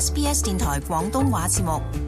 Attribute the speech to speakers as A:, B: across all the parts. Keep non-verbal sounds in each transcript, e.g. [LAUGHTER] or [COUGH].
A: SBS 電台廣東話節目。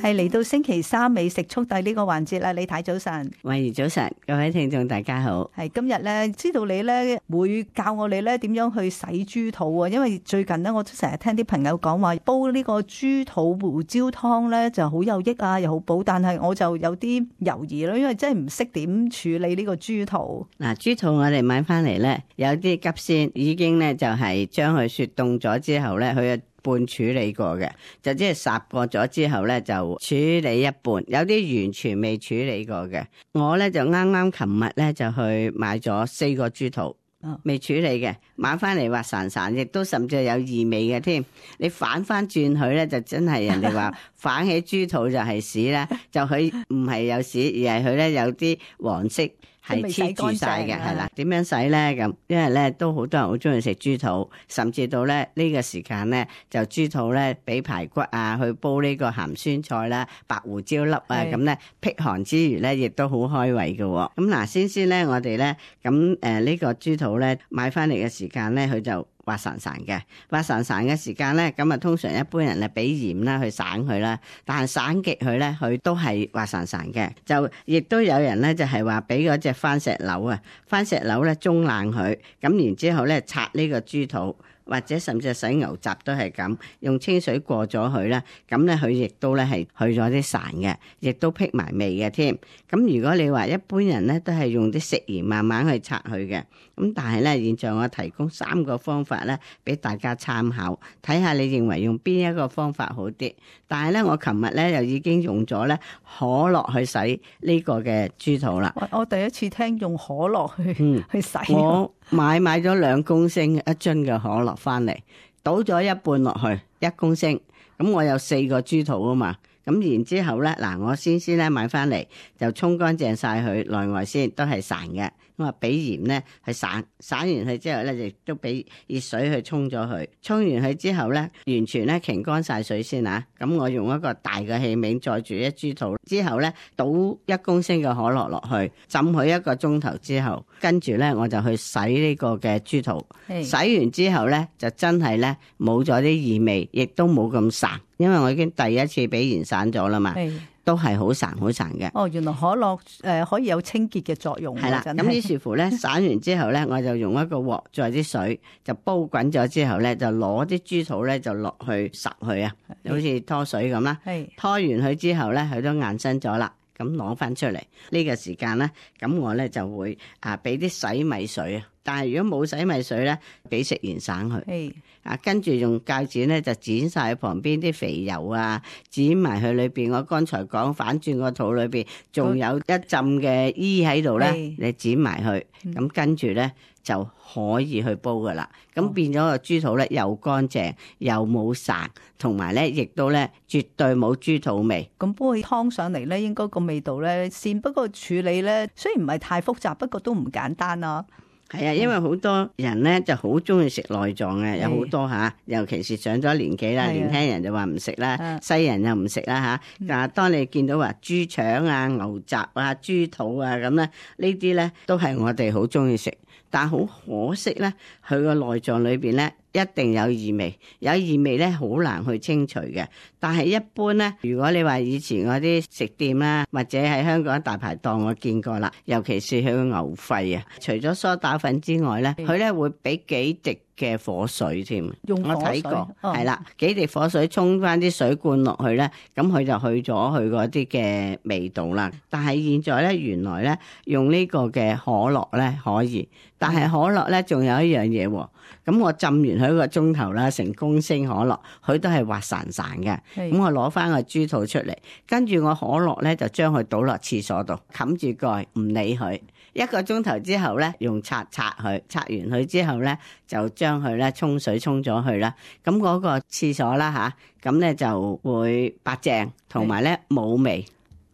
A: 係嚟到星期三美食速遞呢個環節啦，李太早晨，
B: 慧如，早晨，各位聽眾大家好。
A: 係今日咧，知道你咧會教我哋咧點樣去洗豬肚啊？因為最近咧，我都成日聽啲朋友講話煲呢個豬肚胡椒湯咧就好有益啊，又好補，但係我就有啲猶豫咯，因為真係唔識點處理呢個豬肚。
B: 嗱、啊，豬肚我哋買翻嚟咧，有啲急先已經咧就係將佢雪凍咗之後咧，佢。半處理過嘅，就即係殺過咗之後咧，就處理一半。有啲完全未處理過嘅，我咧就啱啱琴日咧就去買咗四個豬肚，未處理嘅，買翻嚟滑潺潺，亦都甚至有異味嘅添。你反翻轉佢咧，就真係人哋話反起豬肚就係屎啦，就佢唔係有屎，而係佢咧有啲黃色。係黐住晒嘅，係啦。點樣洗咧？咁因為咧都好多人好中意食豬肚，甚至到咧呢個時間咧就豬肚咧畀排骨啊去煲呢個鹹酸菜啦、啊、白胡椒粒啊咁咧辟寒之餘咧亦都好開胃嘅、哦。咁嗱、啊，先先咧我哋咧咁誒呢個豬肚咧買翻嚟嘅時間咧佢就。滑潺潺嘅，滑潺潺嘅時間咧，咁啊通常一般人啊俾鹽啦去散佢啦，但係散極佢咧，佢都係滑潺潺嘅，就亦都有人咧就係話俾嗰隻番石榴啊，番石榴咧中冷佢，咁然之後咧拆呢個豬肚。或者甚至係洗牛雜都係咁，用清水過咗佢啦，咁呢，佢亦都咧係去咗啲潺嘅，亦都辟埋味嘅添。咁如果你話一般人呢，都係用啲食鹽慢慢去拆佢嘅，咁但係呢，現在我提供三個方法呢俾大家參考，睇下你認為用邊一個方法好啲。但係呢，我琴日呢，又已經用咗呢可樂去洗呢個嘅豬肚啦。
A: 我第一次聽用可樂去去洗。嗯
B: 買買咗兩公升一樽嘅可樂翻嚟，倒咗一半落去一公升，咁我有四個豬肚啊嘛。咁然之後咧，嗱我先先咧買翻嚟，就沖乾淨晒佢內外先，都係散嘅。我話俾鹽咧，係散散完佢之後咧，亦都俾熱水去沖咗佢。沖完佢之後咧，完全咧晾乾晒水先嚇、啊。咁我用一個大嘅器皿載住一豬肚，之後咧倒一公升嘅可樂落去，浸佢一個鐘頭之後，跟住咧我就去洗呢個嘅豬肚。洗完之後咧，就真係咧冇咗啲異味，亦都冇咁散。因為我已經第一次俾完散咗啦嘛，的都係好散好散嘅。
A: 哦，原來可樂誒、呃、可以有清潔嘅作用、啊。係啦，咁於是，是
B: 乎咧，散完之後咧，我就用一個鑊，再啲水就煲滾咗之後咧，就攞啲豬肚咧就落去濕佢啊，好似拖水咁啦。係拖完佢之後咧，佢都硬身咗啦。咁攞翻出嚟呢、呢個時間咧，咁我咧就會啊俾啲洗米水啊。但係如果冇洗米水咧，俾食鹽省佢，啊是跟住用鉸剪咧就剪晒旁邊啲肥油啊，剪埋去裏邊。我剛才講反轉個肚裏邊，仲有一浸嘅衣喺度咧，是你剪埋去，咁、嗯、跟住咧就可以去煲噶啦。咁變咗個豬肚咧又乾淨、哦、又冇散，同埋咧亦都咧絕對冇豬肚味。
A: 咁煲起湯上嚟咧，應該個味道咧鮮。不過處理咧雖然唔係太複雜，不過都唔簡單啊。
B: 係啊，因為好多人咧就好中意食內臟嘅，有好多吓、啊，尤其是上咗年紀啦，的年輕人就話唔食啦，的西人又唔食啦吓。但係當你見到話豬腸啊、牛雜啊、豬肚啊咁咧，呢啲咧都係我哋好中意食，但係好可惜咧，佢個內臟裏邊咧。一定有異味，有異味咧好難去清除嘅。但係一般咧，如果你話以前嗰啲食店啦、啊，或者喺香港大排檔我見過啦，尤其是佢牛肺啊，除咗梳打粉之外咧，佢咧會俾幾滴。嘅火水添，用火水我睇過，係啦、哦，幾滴火水沖翻啲水罐落去咧，咁佢就去咗佢嗰啲嘅味道啦。但係現在咧，原來咧用呢個嘅可樂咧可以，但係可樂咧仲有一樣嘢喎。咁我浸完佢一個鐘頭啦，成公升可樂，佢都係滑潺潺嘅。咁是的 我攞翻個豬肚出嚟，跟住我可樂咧就將佢倒落廁所度，冚住蓋，唔理佢一個鐘頭之後咧，用刷刷佢，刷完佢之後咧就將。將佢咧沖水沖咗去那那啦，咁嗰個廁所啦吓，咁咧就會白淨，同埋咧冇味。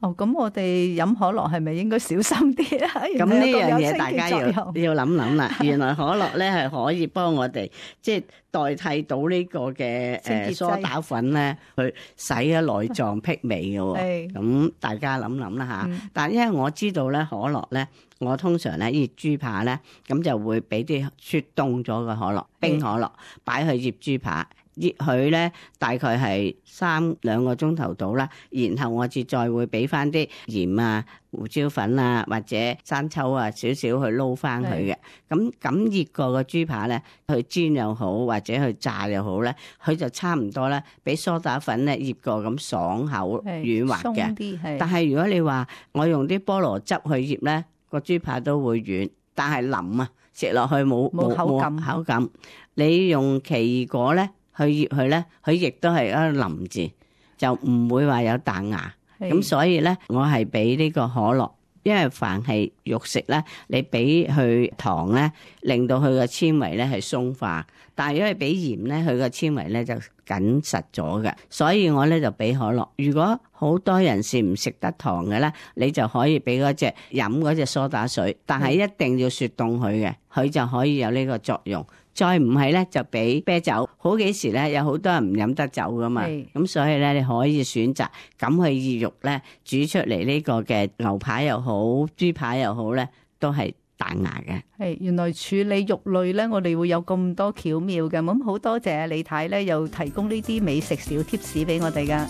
A: 哦，咁我哋飲可樂係咪應該小心啲啊？咁呢樣嘢大家又
B: 要諗諗啦。 [LAUGHS] 原來可樂咧係可以幫我哋，即、就、係、是、代替到呢個嘅誒蘇打粉咧，去洗啊內臟僻味嘅喎。咁潔 [LAUGHS] 大家諗諗啦吓。嗯、但係因為我知道咧，可樂咧，我通常咧醃豬扒咧，咁就會俾啲雪凍咗嘅可樂，冰可樂擺去醃豬扒。醃佢咧，大概係三兩個鐘頭到啦。然後我至再會俾翻啲鹽啊、胡椒粉啊，或者生抽啊，少少去撈翻佢嘅。咁咁醃過個豬扒咧，去煎又好，或者去炸又好咧，佢就差唔多啦。俾梳打粉咧，醃過咁爽口、軟滑嘅。但係如果你話我用啲菠蘿汁去醃咧，個豬扒都會軟，但係腍啊，食落去冇冇口感。口感你用奇異果咧？去醃佢咧，佢亦都係一度淋住，就唔會話有彈牙。咁的所以咧，我係俾呢個可樂，因為凡係肉食咧，你俾佢糖咧，令到佢個纖維咧係鬆化。但係因為俾鹽咧，佢個纖維咧就緊實咗嘅。所以我咧就俾可樂。如果好多人係唔食得糖嘅咧，你就可以俾嗰隻飲嗰隻梳打水，但係一定要雪凍佢嘅，佢就可以有呢個作用。再唔係咧，就俾啤酒。好幾時咧，有好多人唔飲得酒㗎嘛。咁所以咧，你可以選擇咁去醃肉咧，煮出嚟呢個嘅牛排又好，豬排又好咧，都係彈牙嘅。
A: 係原來處理肉類咧，我哋會有咁多巧妙嘅。咁好多謝李太咧，又提供呢啲美食小貼士俾我哋㗎。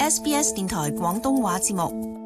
A: SBS 電台廣東話節目。